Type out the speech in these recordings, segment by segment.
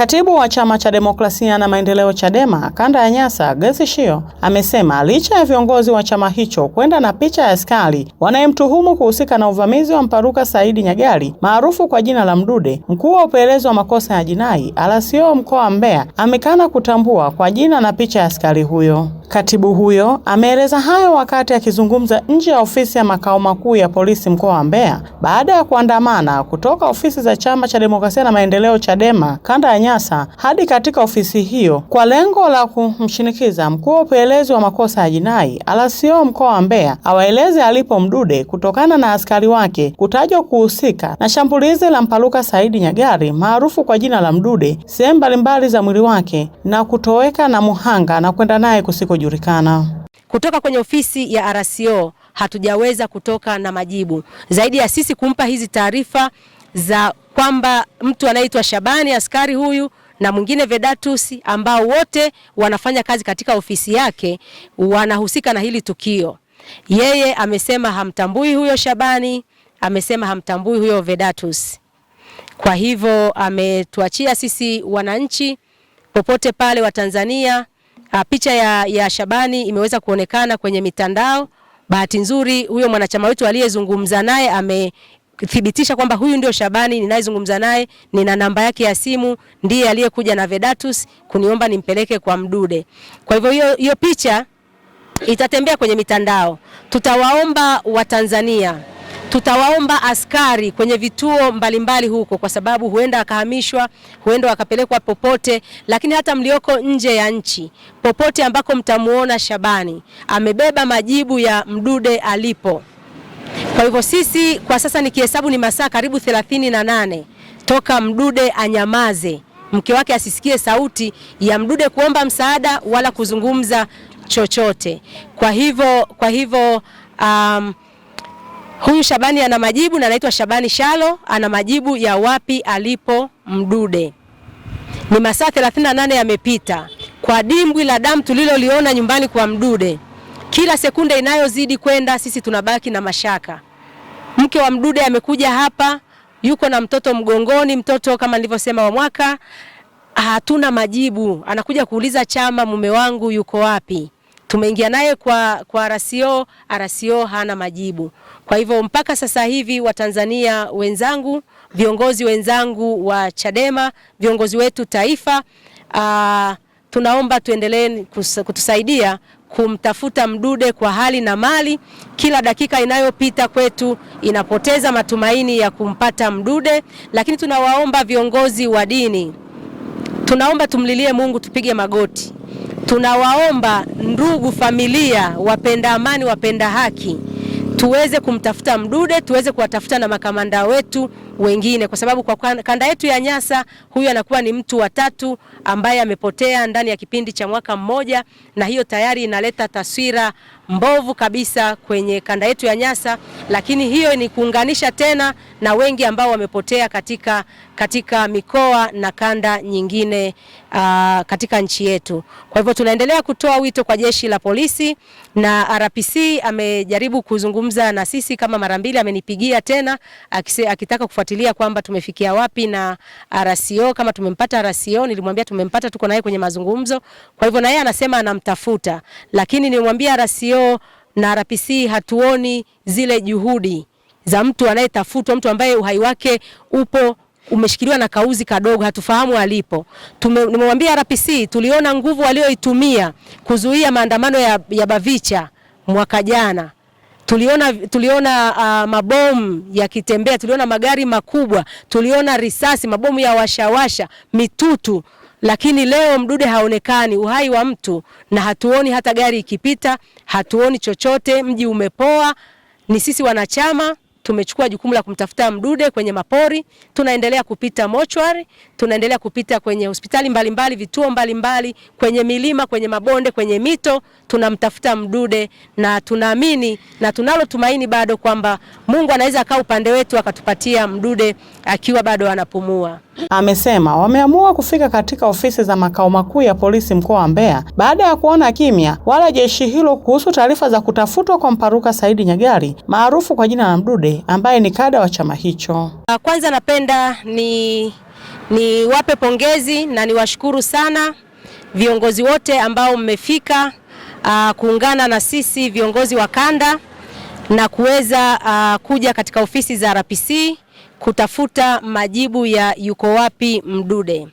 Katibu wa chama cha demokrasia na maendeleo Chadema kanda ya Nyasa, Grace Shio amesema licha ya viongozi wa chama hicho kwenda na picha ya askari wanayemtuhumu kuhusika na uvamizi wa Mparuka Saidi Nyagali maarufu kwa jina la Mdude, mkuu wa upelelezi wa makosa ya jinai RCO mkoa wa Mbeya amekana kutambua kwa jina na picha ya askari huyo. Katibu huyo ameeleza hayo wakati akizungumza nje ya ofisi ya makao makuu ya polisi mkoa wa Mbeya baada ya kuandamana kutoka ofisi za chama cha demokrasia na maendeleo Chadema kanda ya Nyasa hadi katika ofisi hiyo kwa lengo la kumshinikiza mkuu wa upelelezi wa makosa ya jinai alasio mkoa wa Mbeya awaeleze alipo Mdude kutokana na askari wake kutajwa kuhusika na shambulizi la Mpaluka Saidi Nyagari maarufu kwa jina la Mdude sehemu mbalimbali za mwili wake na kutoweka na muhanga na kwenda naye kusikojulikana. Kutoka kwenye ofisi ya RCO hatujaweza kutoka na majibu zaidi ya sisi kumpa hizi taarifa za kwamba mtu anayeitwa Shabani askari huyu na mwingine Vedatus ambao wote wanafanya kazi katika ofisi yake wanahusika na hili tukio. Yeye amesema hamtambui huyo Shabani, amesema hamtambui huyo Vedatus. Kwa hivyo ametuachia sisi wananchi popote pale wa Tanzania. A, picha ya, ya Shabani imeweza kuonekana kwenye mitandao. Bahati nzuri huyo mwanachama wetu aliyezungumza naye ame kuthibitisha kwamba huyu ndio Shabani ninayezungumza naye, nina namba yake ya simu, ndiye aliyekuja na Vedatus kuniomba nimpeleke kwa Mdude. Kwa hivyo hiyo hiyo picha itatembea kwenye mitandao. Tutawaomba Watanzania, tutawaomba askari kwenye vituo mbalimbali mbali huko, kwa sababu huenda akahamishwa, huenda akapelekwa popote, lakini hata mlioko nje ya nchi, popote ambako mtamuona Shabani amebeba majibu ya Mdude alipo kwa hivyo sisi kwa sasa nikihesabu ni masaa karibu thelathini na nane toka Mdude anyamaze, mke wake asisikie sauti ya Mdude kuomba msaada wala kuzungumza chochote. Kwa hivyo kwa hivyo um, huyu Shabani ana majibu na anaitwa Shabani Shalo, ana majibu ya wapi alipo Mdude. Ni masaa 38 yamepita kwa dimbwi la damu tuliloliona nyumbani kwa Mdude. Kila sekunde inayozidi kwenda, sisi tunabaki na mashaka. Mke wa Mdude amekuja hapa, yuko na mtoto mgongoni, mtoto kama nilivyosema wa mwaka. Hatuna majibu, anakuja kuuliza Chama, mume wangu yuko wapi? Tumeingia naye kwa, kwa RCO, RCO hana majibu. Kwa hivyo mpaka sasa hivi Watanzania wenzangu, viongozi wenzangu wa Chadema, viongozi wetu taifa, uh, tunaomba tuendelee kutusaidia kumtafuta Mdude kwa hali na mali. Kila dakika inayopita kwetu inapoteza matumaini ya kumpata Mdude, lakini tunawaomba viongozi wa dini, tunaomba tumlilie Mungu, tupige magoti. Tunawaomba ndugu, familia, wapenda amani, wapenda haki, tuweze kumtafuta Mdude, tuweze kuwatafuta na makamanda wetu wengine, kwa sababu kwa kanda yetu ya Nyasa huyu anakuwa ni mtu wa tatu ambaye amepotea ndani ya kipindi cha mwaka mmoja, na hiyo tayari inaleta taswira mbovu kabisa kwenye kanda yetu ya Nyasa, lakini hiyo ni kuunganisha tena na wengi ambao wamepotea katika, katika mikoa na kanda nyingine uh, katika nchi yetu. Kwa hivyo tunaendelea kutoa wito kwa jeshi la polisi na RPC amejaribu kuzungumza na sisi kama mara mbili, amenipigia tena akise, akitaka kufuatilia kufuatilia kwamba tumefikia wapi na RCO, kama tumempata RCO. Nilimwambia tumempata, tuko naye kwenye mazungumzo. Kwa hivyo na yeye anasema anamtafuta, lakini nilimwambia RCO na RPC hatuoni zile juhudi za mtu anayetafutwa, mtu ambaye uhai wake upo umeshikiliwa na kauzi kadogo, hatufahamu alipo. Nimemwambia RPC tuliona nguvu walioitumia kuzuia maandamano ya, ya Bavicha mwaka jana Tuliona, tuliona uh, mabomu yakitembea, tuliona magari makubwa, tuliona risasi, mabomu ya washawasha, mitutu, lakini leo mdude haonekani, uhai wa mtu, na hatuoni hata gari ikipita, hatuoni chochote. Mji umepoa, ni sisi wanachama tumechukua jukumu la kumtafuta Mdude kwenye mapori. Tunaendelea kupita mochwari, tunaendelea kupita kwenye hospitali mbalimbali, vituo mbalimbali, kwenye milima, kwenye mabonde, kwenye mito, tunamtafuta Mdude na tunaamini na tunalo tumaini bado kwamba Mungu anaweza akaa upande wetu akatupatia Mdude akiwa bado anapumua. Amesema wameamua kufika katika ofisi za makao makuu ya polisi mkoa wa Mbeya baada ya kuona kimya wala jeshi hilo kuhusu taarifa za kutafutwa kwa Mparuka Saidi Nyagali maarufu kwa jina la Mdude ambaye ni kada wa chama hicho. Ah, kwanza napenda ni niwape pongezi na niwashukuru sana viongozi wote ambao mmefika uh, kuungana na sisi viongozi wa kanda na kuweza uh, kuja katika ofisi za RPC kutafuta majibu ya yuko wapi Mdude.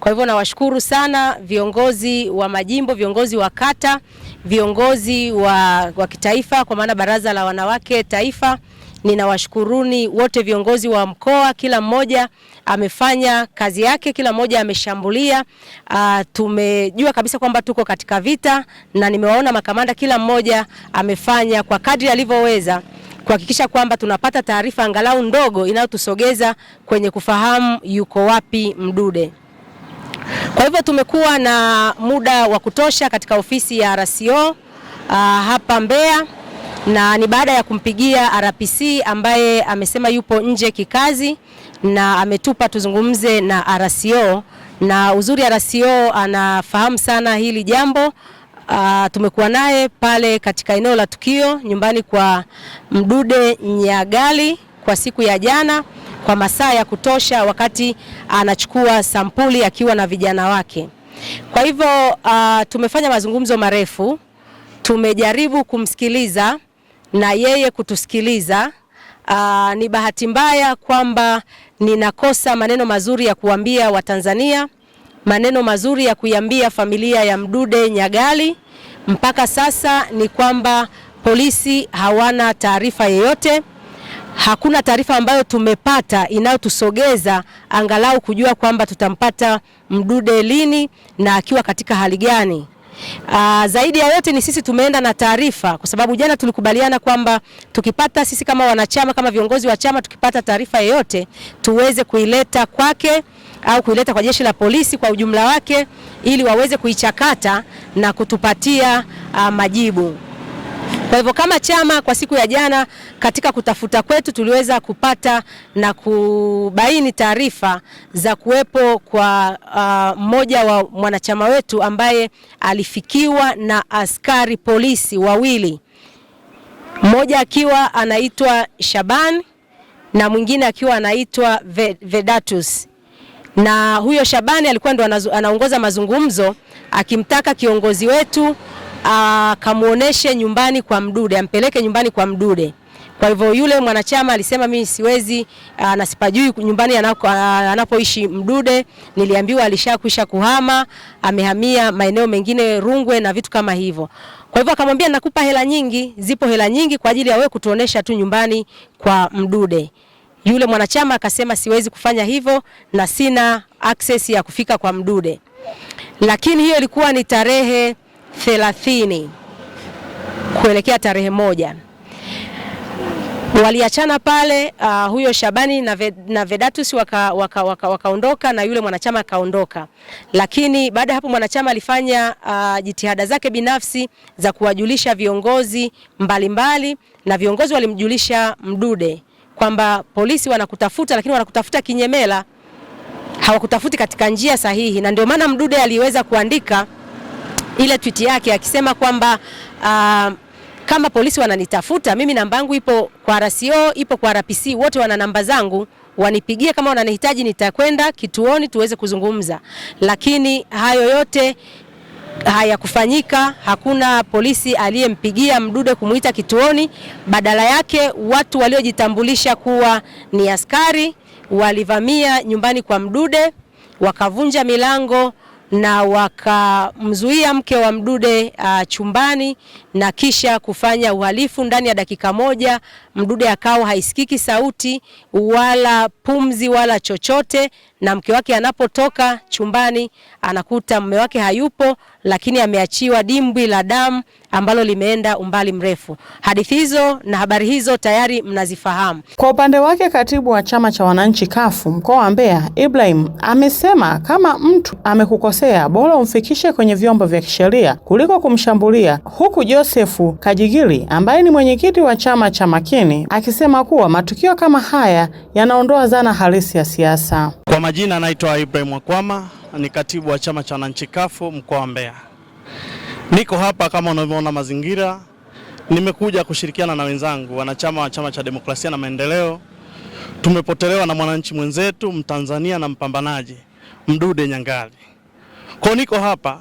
Kwa hivyo nawashukuru sana viongozi wa majimbo, viongozi wa kata, viongozi wa, wa kitaifa kwa maana baraza la wanawake taifa Ninawashukuruni wote viongozi wa mkoa, kila mmoja amefanya kazi yake, kila mmoja ameshambulia. Uh, tumejua kabisa kwamba tuko katika vita, na nimewaona makamanda, kila mmoja amefanya kwa kadri alivyoweza kuhakikisha kwamba tunapata taarifa angalau ndogo inayotusogeza kwenye kufahamu yuko wapi Mdude. Kwa hivyo tumekuwa na muda wa kutosha katika ofisi ya RCO uh, ah, hapa Mbeya na ni baada ya kumpigia RPC ambaye amesema yupo nje kikazi na ametupa tuzungumze na RCO, na uzuri RCO anafahamu sana hili jambo. Uh, tumekuwa naye pale katika eneo la tukio nyumbani kwa Mdude Nyagali kwa siku ya jana kwa masaa ya kutosha, wakati anachukua sampuli akiwa na vijana wake. Kwa hivyo uh, tumefanya mazungumzo marefu, tumejaribu kumsikiliza na yeye kutusikiliza. Aa, ah, ni bahati mbaya kwamba ninakosa maneno mazuri ya kuambia Watanzania, maneno mazuri ya kuiambia familia ya Mdude Nyagali. Mpaka sasa ni kwamba polisi hawana taarifa yoyote, hakuna taarifa ambayo tumepata inayotusogeza angalau kujua kwamba tutampata Mdude lini na akiwa katika hali gani. Aa, ah, zaidi ya yote ni sisi tumeenda na taarifa kwa sababu jana tulikubaliana kwamba tukipata sisi kama wanachama kama viongozi wa chama tukipata taarifa yoyote tuweze kuileta kwake au kuileta kwa jeshi la polisi kwa ujumla wake ili waweze kuichakata na kutupatia uh, majibu. Kwa hivyo kama chama, kwa siku ya jana, katika kutafuta kwetu tuliweza kupata na kubaini taarifa za kuwepo kwa uh, mmoja wa mwanachama wetu ambaye alifikiwa na askari polisi wawili, mmoja akiwa anaitwa Shaban na mwingine akiwa anaitwa Vedatus na huyo Shabani alikuwa ndo anaongoza mazungumzo akimtaka kiongozi wetu akamuoneshe nyumbani kwa Mdude, ampeleke nyumbani kwa Mdude. Kwa hivyo yule mwanachama alisema mimi siwezi ah, na sipajui nyumbani ah, anapoishi Mdude. Niliambiwa alishakwisha kuhama, amehamia maeneo mengine Rungwe na vitu kama hivyo. Kwa hivyo akamwambia nakupa hela nyingi, zipo hela nyingi kwa ajili ya wewe kutuonesha tu nyumbani kwa Mdude. Yule mwanachama akasema siwezi kufanya hivyo na sina access ya kufika kwa Mdude. Lakini hiyo ilikuwa ni tarehe 30 kuelekea tarehe moja waliachana pale. Uh, huyo Shabani na, ve, na Vedatus wakaondoka waka, waka, waka na yule mwanachama akaondoka, lakini baada ya hapo mwanachama alifanya uh, jitihada zake binafsi za kuwajulisha viongozi mbalimbali mbali, na viongozi walimjulisha Mdude kwamba polisi wanakutafuta, lakini wanakutafuta kinyemela, hawakutafuti katika njia sahihi, na ndio maana Mdude aliweza kuandika ile tweet yake akisema kwamba uh, kama polisi wananitafuta mimi, namba yangu ipo kwa RCO, ipo kwa RPC, wote wana namba zangu, wanipigie kama wananihitaji, nitakwenda kituoni tuweze kuzungumza. Lakini hayo yote hayakufanyika. Hakuna polisi aliyempigia Mdude kumuita kituoni. Badala yake watu waliojitambulisha kuwa ni askari walivamia nyumbani kwa Mdude wakavunja milango na wakamzuia mke wa Mdude uh, chumbani na kisha kufanya uhalifu ndani ya dakika moja. Mdude akawa haisikiki sauti wala pumzi wala chochote, na mke wake anapotoka chumbani anakuta mume wake hayupo, lakini ameachiwa dimbwi la damu ambalo limeenda umbali mrefu. Hadithi hizo na habari hizo tayari mnazifahamu. Kwa upande wake, katibu wa chama cha wananchi kafu mkoa wa Mbeya Ibrahim amesema kama mtu amekukosea, bora umfikishe kwenye vyombo vya kisheria kuliko kumshambulia huku Yosefu Kajigili ambaye ni mwenyekiti wa chama cha Makini akisema kuwa matukio kama haya yanaondoa dhana halisi ya siasa. Kwa majina anaitwa Ibrahim Wakwama, ni katibu wa chama cha wananchi kafu mkoa wa Mbeya. Niko hapa kama unavyoona mazingira, nimekuja kushirikiana na wenzangu wanachama wa chama cha demokrasia na maendeleo. Tumepotelewa na mwananchi mwenzetu Mtanzania na mpambanaji Mdude Nyangali. Kwa niko hapa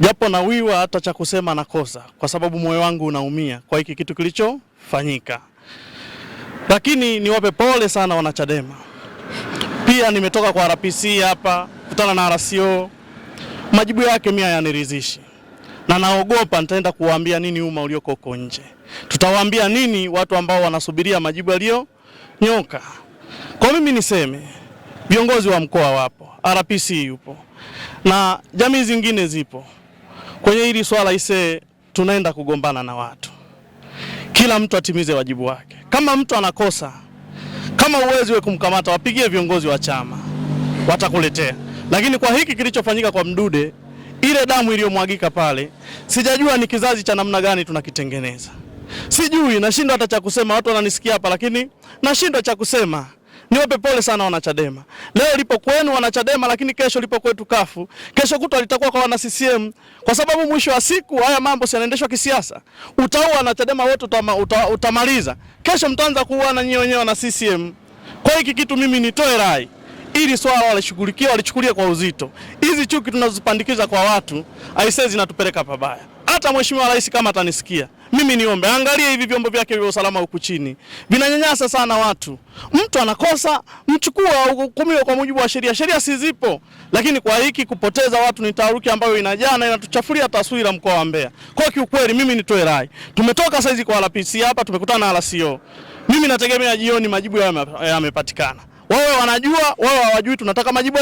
japo nawiwa, hata cha kusema nakosa, kwa sababu moyo wangu unaumia kwa hiki kitu kilichofanyika. Lakini niwape pole sana wanachadema. Pia nimetoka kwa RPC hapa kutana na RCO, majibu yake mimi hayaniridhishi na naogopa nitaenda kuwaambia nini umma ulioko huko nje. Tutawaambia nini watu ambao wanasubiria majibu nyoka. Kwa mimi niseme viongozi wa mkoa wapo, RPC yupo na jamii zingine zipo. Kwenye hili swala ise, tunaenda kugombana na watu, kila mtu atimize wajibu wake. Kama mtu anakosa, kama uwezi we kumkamata, wapigie viongozi wa chama, watakuletea. Lakini kwa hiki kilichofanyika kwa Mdude, ile damu iliyomwagika pale, sijajua ni kizazi cha namna gani tunakitengeneza, sijui. Nashindwa hata cha kusema, watu wananisikia hapa, lakini nashindwa cha kusema. Niwape pole sana wanachadema. Leo lipo kwenu wanachadema, lakini kesho lipo kwetu kafu, kesho kutwa litakuwa kwa wana CCM, kwa sababu mwisho wa siku haya mambo yanaendeshwa kisiasa. Utaua wanachadema wote utama, uta, utamaliza kesho, mtaanza na nyinyi wenyewe na CCM. Kwa hiki kitu mimi nitoe rai ili swala walishughulikia, walichukulie kwa uzito. Hizi chuki tunazopandikiza kwa watu aisee, zinatupeleka pabaya. Hata mheshimiwa rais kama atanisikia mimi niombe, angalia hivi vyombo vyake vya usalama huku chini vinanyanyasa sana watu. Mtu anakosa mchukua, hukumiwe kwa mujibu wa sheria. Sheria si zipo, lakini kwa hiki kupoteza watu ni taharuki ambayo inajaa na inatuchafulia taswira mkoa wa Mbeya. Kwa kiukweli, mimi nitoe rai, tumetoka saizi kwa RPC hapa, tumekutana na RCO. Mimi nategemea jioni majibu yao yamepatikana, ya wawe wanajua, wao hawajui, tunataka majibu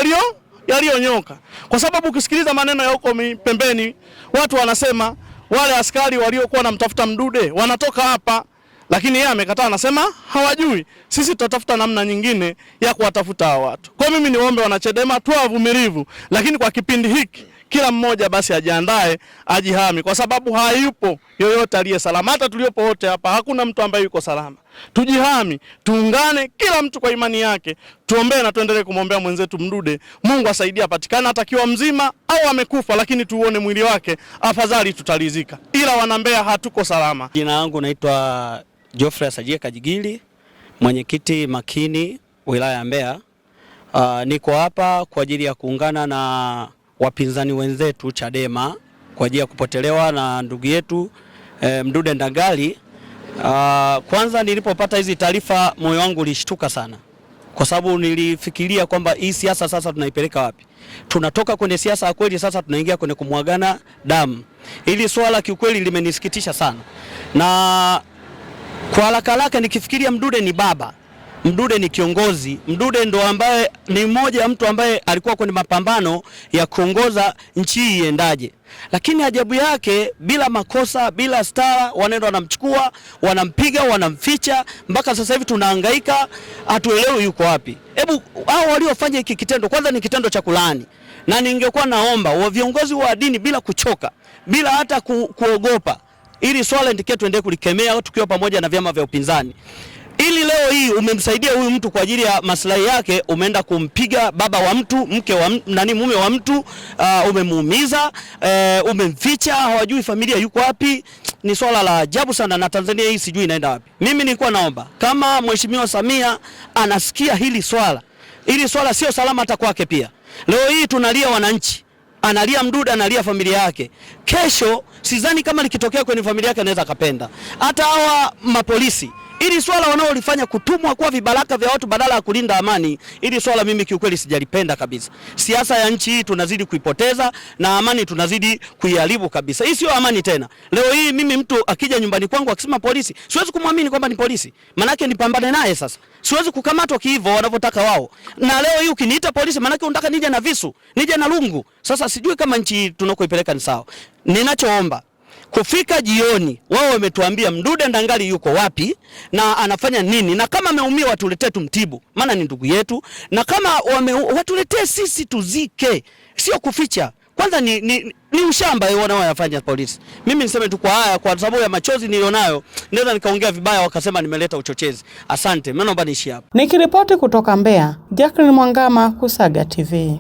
yaliyonyoka, kwa sababu ukisikiliza maneno ya huko pembeni watu wanasema wale askari waliokuwa wanamtafuta Mdude wanatoka hapa, lakini yeye amekataa, anasema hawajui. Sisi tutatafuta namna nyingine ya kuwatafuta hawa watu. Kwa mimi niombe Wanachadema tuwa wavumilivu, lakini kwa kipindi hiki kila mmoja basi ajiandae, ajihami, kwa sababu hayupo yoyote aliye salama. Hata tuliopo wote hapa, hakuna mtu ambaye yuko salama. Tujihami, tuungane, kila mtu kwa imani yake, tuombee na tuendelee kumwombea mwenzetu Mdude. Mungu asaidie apatikane, atakiwa mzima au amekufa, lakini tuone mwili wake, afadhali tutalizika. Ila wanambea hatuko salama. Jina langu naitwa Geoffrey Sajia Kajigili, mwenyekiti makini wilaya ya Mbeya. Uh, niko hapa kwa ajili ya kuungana na wapinzani wenzetu Chadema kwa ajili ya kupotelewa na ndugu yetu e, Mdude Ndagali. Ah, kwanza nilipopata hizi taarifa moyo wangu ulishtuka sana, kwa sababu nilifikiria kwamba hii siasa sasa tunaipeleka wapi? Tunatoka kwenye siasa ya kweli, sasa tunaingia kwenye kumwagana damu. Hili swala kiukweli limenisikitisha sana, na kwa haraka haraka nikifikiria Mdude ni baba Mdude ni kiongozi. Mdude ndo ambaye ni mmoja mtu ambaye alikuwa kwenye mapambano ya kuongoza nchi hii iendaje, lakini ajabu yake, bila makosa, bila stara, wanaenda wanamchukua, wanampiga, wanamficha, mpaka sasa hivi tunahangaika, hatuelewi yuko wapi. Hebu hao waliofanya hiki kitendo, kwanza ni kitendo cha kulaani, na ningekuwa naomba wa viongozi wa dini, bila kuchoka, bila hata ku, kuogopa, ili swala ndikie tuendelee kulikemea tukiwa pamoja na vyama vya upinzani ili leo hii umemsaidia huyu mtu kwa ajili ya maslahi yake, umeenda kumpiga baba wa mtu, mke wa nani, mume wa mtu uh, umemuumiza, uh, umemficha, hawajui familia yuko wapi. Ni swala la ajabu sana, na Tanzania hii sijui inaenda wapi. Mimi nilikuwa naomba kama mheshimiwa Samia anasikia hili swala, hili swala sio salama hata kwake pia. Leo hii tunalia wananchi, analia Mduda, analia familia yake. Kesho sidhani kama likitokea kwenye familia yake anaweza akapenda hata hawa mapolisi ili swala wanaolifanya kutumwa kuwa vibaraka vya watu badala ya kulinda amani, ili swala mimi kiukweli sijalipenda kabisa. Siasa ya nchi hii tunazidi kuipoteza na amani tunazidi kuiharibu kabisa. Hii sio amani tena. Leo hii mimi mtu akija nyumbani kwangu akisema polisi, siwezi kumwamini kwamba ni polisi. Manake nipambane naye sasa. Siwezi kukamatwa kiivo wanavyotaka wao. Na leo hii ukiniita polisi manake unataka nije na visu, nije na lungu. Sasa sijui kama nchi tunakoipeleka ni sawa. Ninachoomba Kufika jioni, wao wametuambia Mdude Ndangali yuko wapi na anafanya nini, na kama ameumia watuletee tumtibu, maana ni ndugu yetu, na kama wame, watuletee sisi tuzike, sio kuficha. Kwanza ni, ni, ni ushamba wanaoyafanya polisi. Mimi niseme tu kwa haya, kwa sababu ya machozi nilionayo naweza nikaongea vibaya, wakasema nimeleta uchochezi. Asante, mimi naomba niishi hapa. Nikiripoti kutoka Mbeya, Jacqueline Mwangama, Kusaga TV.